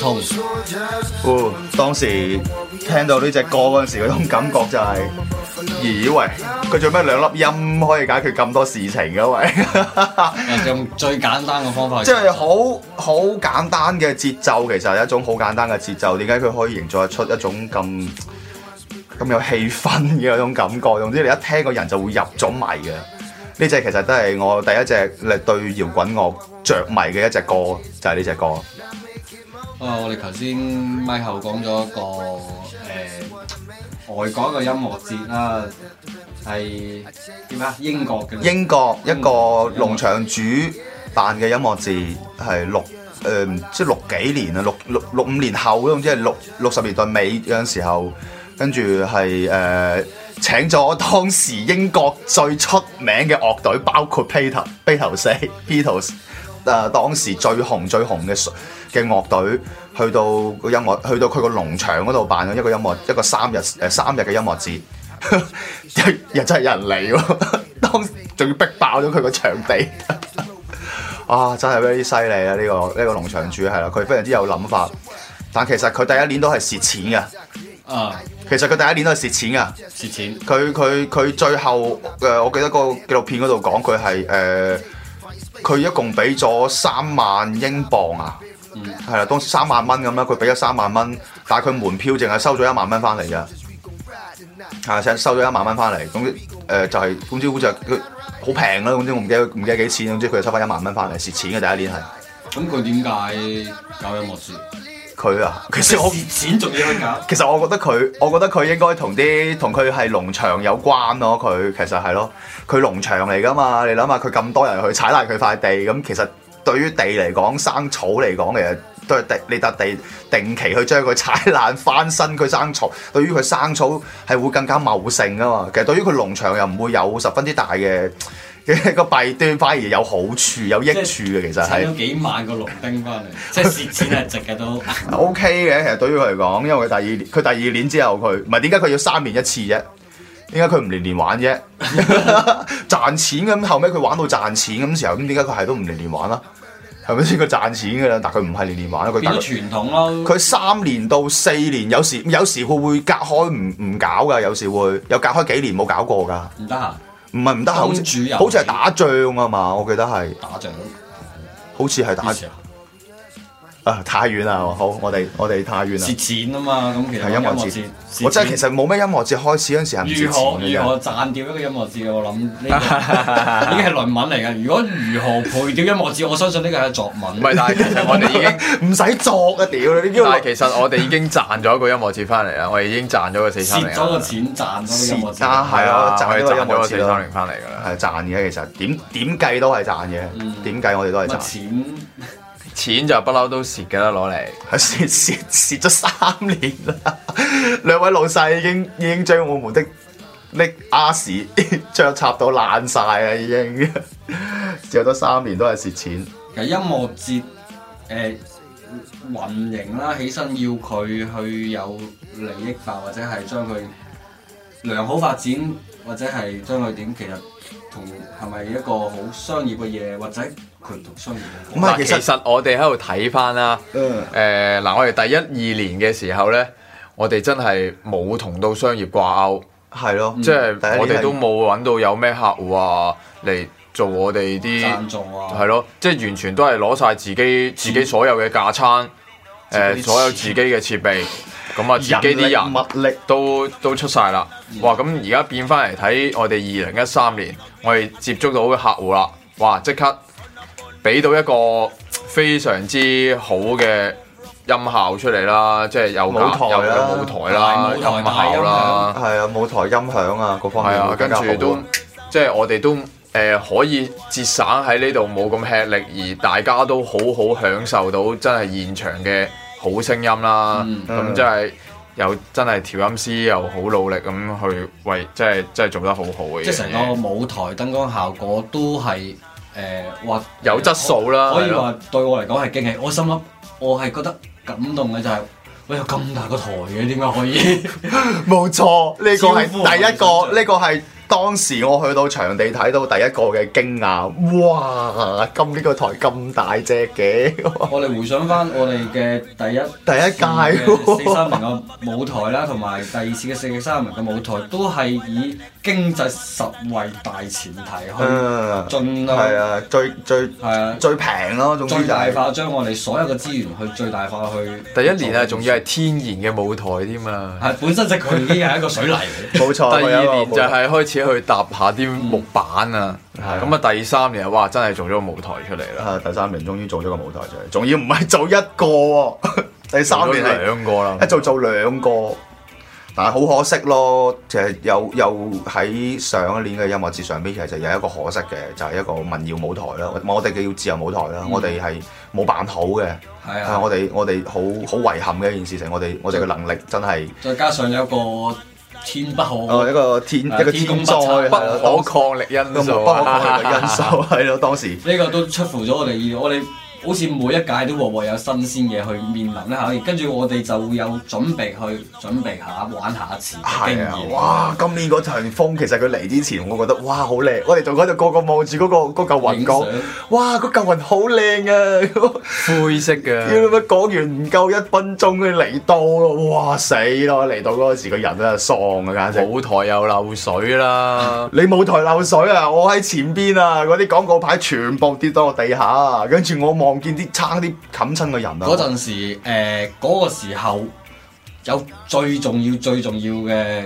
同哦、uh, 當時聽到呢隻歌嗰時嗰種感覺就係、是，咦喂佢做咩兩粒音可以解決咁多事情噶喂？ 用最簡單嘅方法，即係好好簡單嘅節奏，其實係一種好簡單嘅節奏。點解佢可以營造得出一種咁咁有氣氛嘅嗰種感覺？總之你一聽個人就會入咗迷嘅。呢隻其實都係我第一隻嚟對搖滾樂着迷嘅一隻歌，就係呢隻歌。啊、哦！我哋頭先麥後講咗一個誒、呃、外國嘅音樂節啦，係點啊？英國嘅。英國一個農、啊、場主辦嘅音樂節，係六誒即係六幾年啊？六六六五年後，總之六六十年代尾嘅時候，跟住係誒請咗當時英國最出名嘅樂隊，包括披頭披頭四、Beatles。誒當時最紅最紅嘅嘅樂隊，去到個音樂去到佢個農場嗰度辦咗一個音樂一個三日誒、呃、三日嘅音樂節， 日真有人真係人嚟喎，當時仲要逼爆咗佢個場地，啊真係非常之犀利啊！呢、呢個呢、呢個農場主係啦，佢非常之有諗法，但其實佢第一年都係蝕錢嘅，啊、uh，其實佢第一年都係蝕錢嘅蝕錢，佢佢佢最後誒、呃，我記得個紀錄片嗰度講佢係誒。呃佢一共俾咗三萬英鎊啊，係啦、嗯，當時三萬蚊咁啦，佢俾咗三萬蚊，但係佢門票淨係收咗一萬蚊翻嚟嘅，嚇、啊，淨收咗一萬蚊翻嚟。咁誒就係，總之好似係佢好平咯，總之我唔記得唔記得幾錢，總之佢就收翻一萬蚊翻嚟，蝕錢嘅第一年係。咁佢點解搞音樂節？佢啊，其實好剪足嘅風格。其實我覺得佢，我覺得佢應該同啲同佢係農場有關咯。佢其實係咯，佢農場嚟噶嘛。你諗下，佢咁多人去踩爛佢塊地，咁、嗯、其實對於地嚟講，生草嚟講，其實都係地你笪地定期去將佢踩爛翻身佢生草，對於佢生草係會更加茂盛啊嘛。其實對於佢農場，又唔會有十分之大嘅。其實個弊端反而有好處、是有益處嘅，其實係。請咗幾萬個綠丁翻嚟， 即係蝕錢係值嘅都。O K 嘅，其實對於佢嚟講，因為佢第二年，佢第二年之後佢，唔係點解佢要三年一次啫？點解佢唔年年玩啫？賺 錢咁後尾佢玩到賺錢咁時候，咁點解佢係都唔年年玩啦？係咪先佢賺錢噶啦？但佢唔係年年玩。變傳統咯。佢三年到四年有時有時佢會隔開唔唔搞噶，有時會，有，時會有隔開幾年冇搞過噶。唔得閒！唔係唔得口，好似好似係打仗啊嘛！我記得係打仗，好似係打仗。啊！太遠啦，好，我哋我哋太遠啦，蝕錢啊嘛，咁其實音樂節，我真係其實冇咩音樂節開始嗰陣時係唔蝕錢嘅，如何，如何賺掉一個音樂節啊？我諗呢個已經係論文嚟嘅。如果如何賠掉音樂節，我相信呢個係作文。唔係， 但係其實我哋已經唔使 作啊點？但係其實我哋已經賺咗一個音樂節翻嚟啦， 我哋已經賺咗個四三零。蝕咗個錢賺咗個音樂節啊，係啊，賺音賺咗個四三零翻嚟㗎啦，係賺嘅。其實點點計都係賺嘅，點計、嗯、我哋都係賺。錢錢就不嬲都蝕嘅啦，攞嚟係蝕蝕咗三年啦！兩位老細已經已經將我們的啲阿屎將插到爛晒啊！已經蝕咗三年都係蝕錢。喺音樂節誒運營啦，起身要佢去有利益化，或者係將佢良好發展，或者係將佢點其實。同係咪一個好商業嘅嘢，或者渠同商業嘅？唔係實，其實我哋喺度睇翻啦。嗯。嗱、呃，我哋第一二年嘅時候咧，我哋真係冇同到商業掛鈎，係咯的，即係我哋都冇揾到有咩客戶啊嚟做我哋啲，係咯、嗯，即係、就是、完全都係攞晒自己自己所有嘅架撐，誒，所有自己嘅設備。 咁啊，自己啲人物力都都出晒啦、嗯，哇！咁而家變翻嚟睇我哋二零一三年，我哋接觸到嘅客戶啦，哇！即刻俾到一個非常之好嘅音效出嚟啦，即係又舞台啦，舞台啦，又音響啦，係啊，舞台音響啊，嗰方面更加好、啊、跟住都即係我哋都誒、呃、可以節省喺呢度冇咁吃力，而大家都好好享受到真係現場嘅。好聲音啦，咁即係又真係調音師又好努力咁去為，即係真係做得好好嘅。即係成個舞台燈光效果都係誒，話、呃、有質素啦。可以話對我嚟講係驚喜，的我心諗我係覺得感動嘅就係、是，我有咁大個台嘅？點解可以？冇 錯，呢、呢個係第一個，呢個係。當時我去到場地睇到第一個嘅驚訝，哇！咁、這、呢個台咁大隻嘅，我哋回想翻我哋嘅第一第一屆、哦、四,四三文嘅舞台啦，同埋 第二次嘅四三文嘅舞台，都係以。經濟實惠大前提去進啊，係到啊，最最係啊，最平咯，就是、最大化將我哋所有嘅資源去最大化去。第一年做啊，仲要係天然嘅舞台添啊，係本身石渠已經係一個水泥，冇 錯。第二年就係開始去搭下啲木板、嗯嗯、啊，咁啊第三年哇，真係做咗個舞台出嚟啦、啊。第三年終於做咗個舞台出嚟，仲要唔係做一個， 第三年係做兩個啦，一做做兩個。但係好可惜咯，其實有又喺上一年嘅音樂節上邊，其實就有一個可惜嘅，就係一個民謠舞台啦，我哋嘅要自由舞台啦，我哋係冇辦好嘅，係我哋我哋好好遺憾嘅一件事情，我哋我哋嘅能力真係再加上一個天不好，哦一個天一個天公不可抗力因素，不可抗力嘅因素係咯當時呢個都出乎咗我哋意料，我哋。好似每一屆都喎喎有新鮮嘢去面臨一下，跟住我哋就有準備去準備下玩下一次經啊，哇！今年嗰場風其實佢嚟之前，我覺得哇好靚，我哋仲喺度個個望住嗰個嗰嚿雲講，哇嗰嚿雲好靚啊！灰色嘅。要乜講完唔夠一分鐘佢嚟到咯，哇死咯！嚟到嗰時個人都係喪㗎，簡直。舞台又漏水啦！ 你舞台漏水啊！我喺前邊啊，嗰啲廣告牌全部跌到個地下，跟住我望。我見啲差啲冚親嘅人啊！嗰陣時，誒、那、嗰個時候有最重要最重要嘅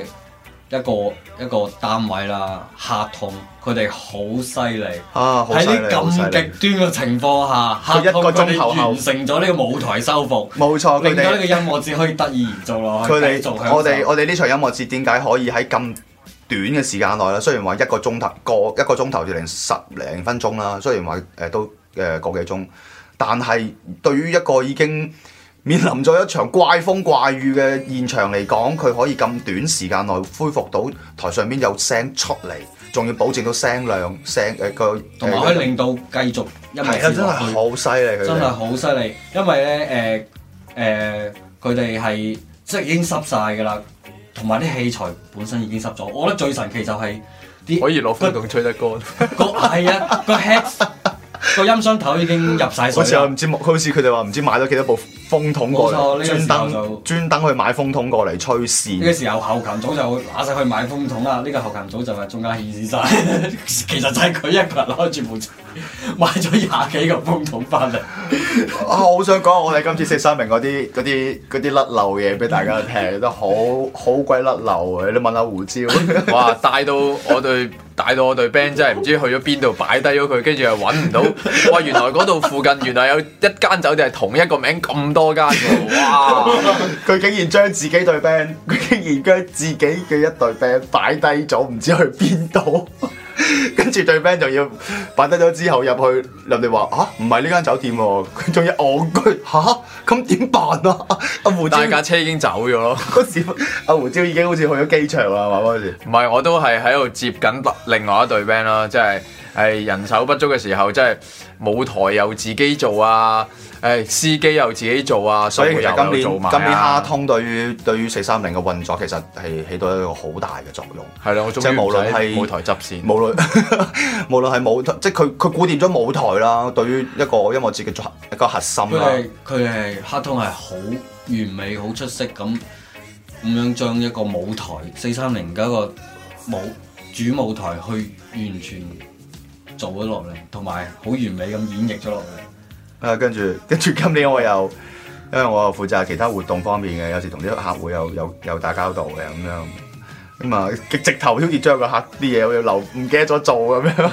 一個一個單位啦，客同佢哋好犀利啊！喺啲咁極端嘅情況下，一個客同佢哋完成咗呢個舞台修復，冇錯，令到呢個音樂節可以得以完做咯。佢哋做我哋我哋，呢場音樂節點解可以喺咁短嘅時間內咧？雖然話一個鐘頭個一個鐘頭至零十零分鐘啦，雖然話誒都誒個、呃呃、幾鐘。但係對於一個已經面臨咗一場怪風怪雨嘅現場嚟講，佢可以咁短時間內恢復到台上面有聲出嚟，仲要保證到聲量聲誒個，同、呃、埋可以令到繼續。係啊，真係好犀利！佢真係好犀利！因為咧誒誒，佢哋係即係已經濕晒㗎喇，同埋啲器材本身已經濕咗。我覺得最神奇就係、是、可以攞風筒吹得乾。個係啊個 head。 個 音箱頭已經入晒水了 好像不。好似唔知木，好似佢哋話唔知買咗幾多部。風筒過嚟，專登專登去買風筒過嚟吹線。呢個時候後勤組就攞晒 去買風筒啦。呢、呢個後勤組就係仲加顯示晒。 其實就係佢一個人攞住部車買咗廿幾個風筒翻嚟。 我好想講，我哋今次食三明嗰啲嗰啲嗰啲甩漏嘢俾大家聽， 都好好鬼甩漏嘅。你問下胡椒， 哇，帶到我對帶到我對 band 真係唔知去咗邊度擺低咗佢，跟住又揾唔到。哇，原來嗰度附近原來有一間酒店係同一個名咁。多間喎，佢 竟然將自己對 band，佢竟然將自己嘅一對 band 擺低咗，唔知去邊度。 跟住對 band 就要擺低咗之後入去，人哋話啊，唔係呢間酒店喎，啊，佢仲要戇居吓？咁、啊、點辦啊？阿胡椒架車已經走咗咯，阿胡椒已經好似去咗機場啦，係咪嗰時？唔係，我都係喺度接緊另外一對 band 啦，即係係人手不足嘅時候，即係。舞台又自己做啊，誒、司機又自己做啊，做啊，所以其實今年今年，哈通對於對於四三零嘅運作其實係起到一個好大嘅作用，係啦，我即係無論係舞台執線，無論無論係舞台，即係佢佢固定咗舞台啦，對於一個音樂節嘅作一個核心啦，佢係佢係哈通係好完美、好出色咁咁樣將一個舞台四三零嘅一個舞主舞台去完全。做咗落嚟，同埋好完美咁演繹咗落嚟。誒、啊，跟住跟住，今年我又，因為我又負責其他活動方面嘅，有時同啲客戶有又又打交道嘅咁樣。咁啊，直直頭好似將個客啲嘢我要留，唔記得咗做咁樣。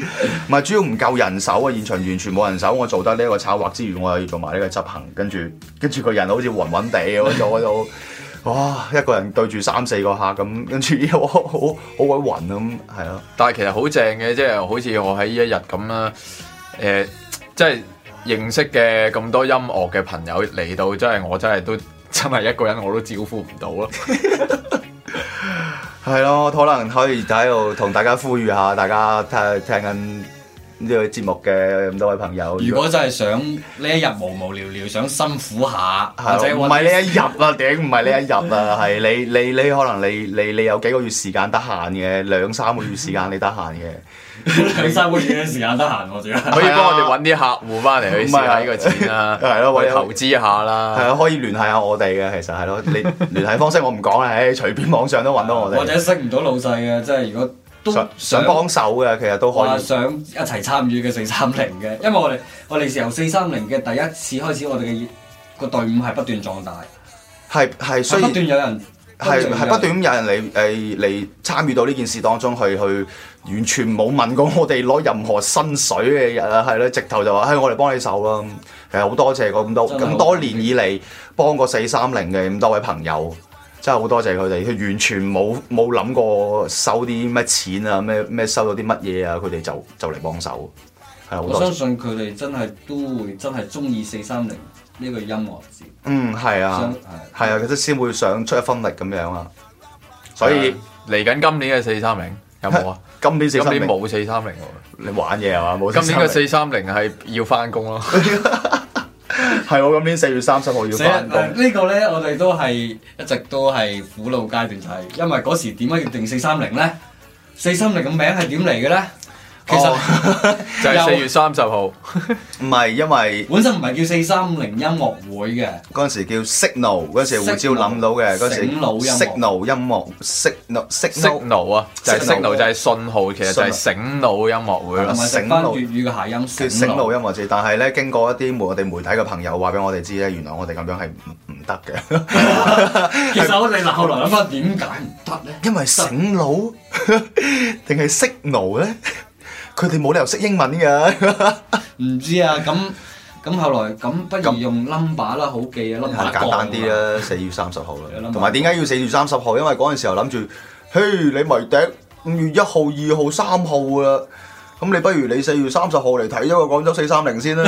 唔係 主要唔夠人手啊，現場完全冇人手，我做得呢一個策劃之餘，我又要做埋呢個執行。跟住跟住，個人好似暈暈地，我做開到。 哇！一個人對住三四個客咁，跟住好好鬼暈咁，係咯。但係其實好正嘅，即係好似我喺呢一日咁啦。誒，即係認識嘅咁多音樂嘅朋友嚟到，真係我真係都真係一個人我都招呼唔到咯。係咯， 可能可以喺度同大家呼籲下，大家聽，聽聽緊。呢個節目嘅咁多位朋友，如果真係想呢一日無無聊聊，想辛苦下，或者唔係呢一日啊，頂唔係呢一日啊，係你你你可能你你你有幾個月時間得閒嘅，兩三個月時間你得閒嘅，兩三個月嘅時間得閒我而家可以啊，幫我哋揾啲客戶翻嚟去試下呢個錢啊，係咯，或者投資下啦，係啊，可以聯繫下我哋嘅，其實係咯，你聯繫方式我唔講啊，誒，隨便網上都揾到我哋，或者識唔到老細嘅，即係如果。都想，想幫手嘅，其實都可以，想一齊參與嘅四三零嘅， 因為我哋我哋係由四三零嘅第一次開始，我哋嘅個隊伍係不斷壯大，係係所以不斷有人係係不斷有人嚟誒嚟參與到呢件事當中去，去完全冇問過我哋攞任何薪水嘅人係啦，直頭就話嘿我哋幫你手啦，其實好多謝咁多咁多年以嚟幫過四三零嘅咁多位朋友。真係好多謝佢哋，佢完全冇冇諗過收啲乜錢啊，咩咩收到啲乜嘢啊，佢哋就就嚟幫手，係好多謝。我相信佢哋真係都會真係中意四三零呢個音樂節。嗯，係啊，係啊，佢都先會想出一分力咁樣啊。所以嚟緊今年嘅四三零有冇啊？ 今年四三零今年冇四三零喎，你玩嘢係嘛？冇。今年嘅四三零係要翻工咯。 係我嗰邊四月三十號要翻嘅。呃這個、呢個咧，我哋都係一直都係苦惱階段，就係因為嗰時點解要定四三零呢？四三零嘅名係點嚟嘅呢？其實就係四月三十號，唔係因為本身唔係叫四三零音樂會嘅，嗰陣時叫 signal，嗰陣時胡椒諗到嘅嗰陣時 signal 音樂，signal signal signal 啊，就 signal 就係信號，其實就係醒腦音樂會啦。醒腦粵語嘅諧音，叫醒腦音樂節。但係咧，經過一啲我哋媒體嘅朋友話俾我哋知咧，原來我哋咁樣係唔得嘅。其實我哋嗱，後來諗翻點解唔得咧？因為醒腦定係 signal 咧？佢哋冇理由識英文嘅，唔知啊。咁咁後來咁，不如用 number 啦，好記啊。number 簡單啲啦。四月三十號啦。同埋點解要四月三十號？因為嗰陣時候諗住，嘿，你咪掟五月一號、二號、三號啊。咁你不如你四月三十號嚟睇一個廣州四三零先啦。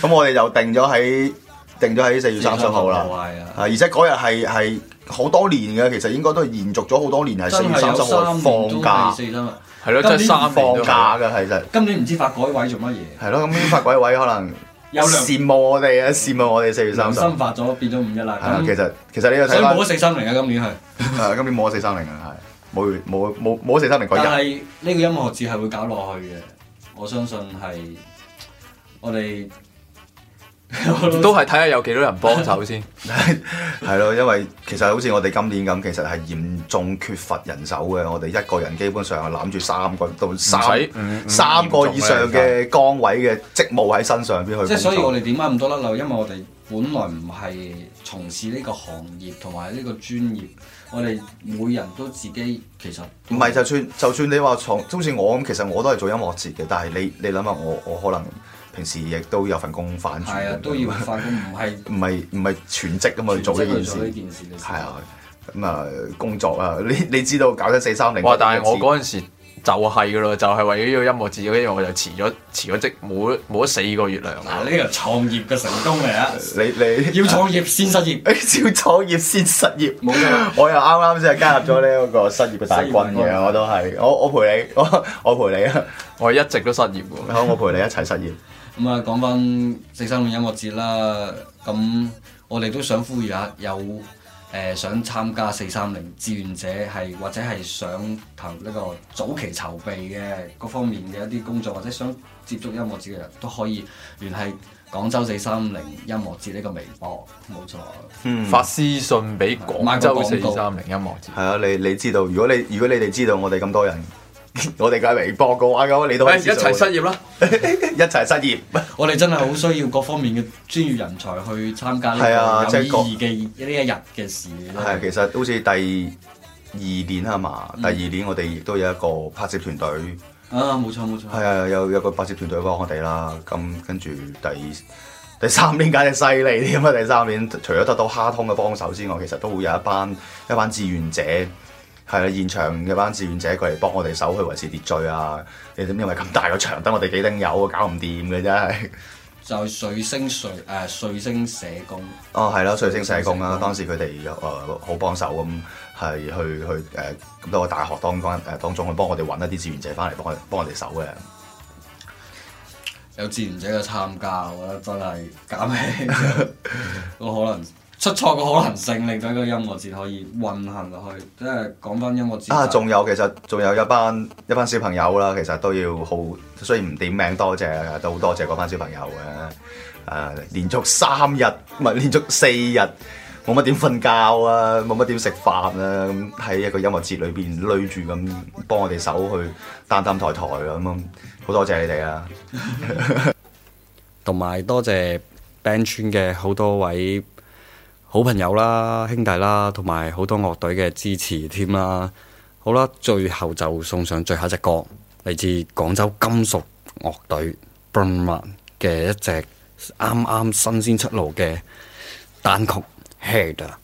咁我哋又定咗喺定咗喺四月三十號啦。而且嗰日係係好多年嘅，其實應該都係延續咗好多年係四月三十號放假。係咯，即係三年其係。今年唔知發改委做乜嘢？係咯，咁發改委可能有羨量慕我哋嘅，羨慕我哋四月三十新發咗，變咗五一啦。係啊那，其實其實呢個所以冇咗四三零啊，今年係。 今年冇咗四三零啊，係冇月冇冇冇四三零改一。1, 但係呢個音樂節係會搞落去嘅，我相信係我哋。 都係睇下有幾多人幫手先，係咯，因為其實好似我哋今年咁，其實係嚴重缺乏人手嘅。我哋一個人基本上係攬住三個到三用三個以上嘅崗位嘅職務喺身上邊去。即係、嗯，所以我哋點解咁多甩漏？因為我哋本來唔係從事呢個行業同埋呢個專業，我哋每人都自己其實唔係就算就算你話從，好似我咁，其實我都係做音樂節嘅，但係你你諗下，我我可能。平時亦都有份工反轉，係啊，都以反工，唔係唔係唔係全職咁啊，做呢件事，呢件事，係啊，咁啊工作啊，你你知道搞咗四三年，但係我嗰陣時就係噶咯，就係為咗呢個音樂節，因為我就辭咗辭咗職，冇咗冇咗四個月糧。嗱呢個創業嘅成功嚟啊！你你要創業先失業，要創業先失業，冇錯。我又啱啱先係加入咗呢一個失業嘅大軍嘅，我都係，我我陪你，我陪你啊！我一直都失業喎，好，我陪你一齊失業。咁啊，講翻四三零音樂節啦，咁我哋都想呼籲下有誒、呃、想參加四三零志願者係或者係想投呢、這個早期籌備嘅各方面嘅一啲工作，或者想接觸音樂節嘅人都可以聯繫廣州四三零音樂節呢個微博，冇錯，嗯，發私信俾廣州四三零音樂節，係啊，你你知道，如果你如果你哋知道我哋咁多人。嗯 我哋梗係微博嘅話咁，你都唔係一齊失業啦， 一齊失業。 我哋真係好需要各方面嘅專業人才去參加呢個有意義嘅呢一日嘅事係啊，即係呢？呢一日嘅事係啊，其實好似第二年啊嘛，嗯、第二年我哋亦都有一個拍攝團隊。啊，冇錯冇錯。係啊，有有個拍攝團隊幫我哋啦。咁跟住第第，第三年簡直犀利添啊！第三年除咗得到哈通嘅幫手之外，其實都會有一班一班志願者。係啦，現場嘅班志願者佢嚟幫我哋手去維持秩序啊！你點因為咁大個場，得我哋幾丁友啊，搞唔掂嘅啫，係。就瑞星瑞誒瑞星社工。哦，係啦，瑞星社工啦，工當時佢哋誒好幫手咁，係去去誒咁多個大學當關誒當中去幫我哋揾一啲志願者翻嚟幫我哋幫我哋手嘅。有志願者嘅參加，我覺得真係減輕。我可能。 出錯嘅可能性令到呢個音樂節可以運行落去，即係講翻音樂節、就係。啊，仲有其實仲有一班一班小朋友啦，其實都要好，雖然唔點名多謝，都好多謝嗰班小朋友嘅。誒、啊，連續三日唔係連續四日，冇乜點瞓覺啊，冇乜點食飯啊，咁喺一個音樂節裏邊累住咁幫我哋手去擔擔抬抬啊，咁樣好多謝你哋啊。同埋 多謝 Band 村嘅好多位。好朋友啦，兄弟啦，同埋好多樂隊嘅支持添啦。好啦，最後就送上最後一隻歌，嚟自廣州金屬樂隊 Burnmark 嘅一隻啱啱新鮮出爐嘅單曲 Hater。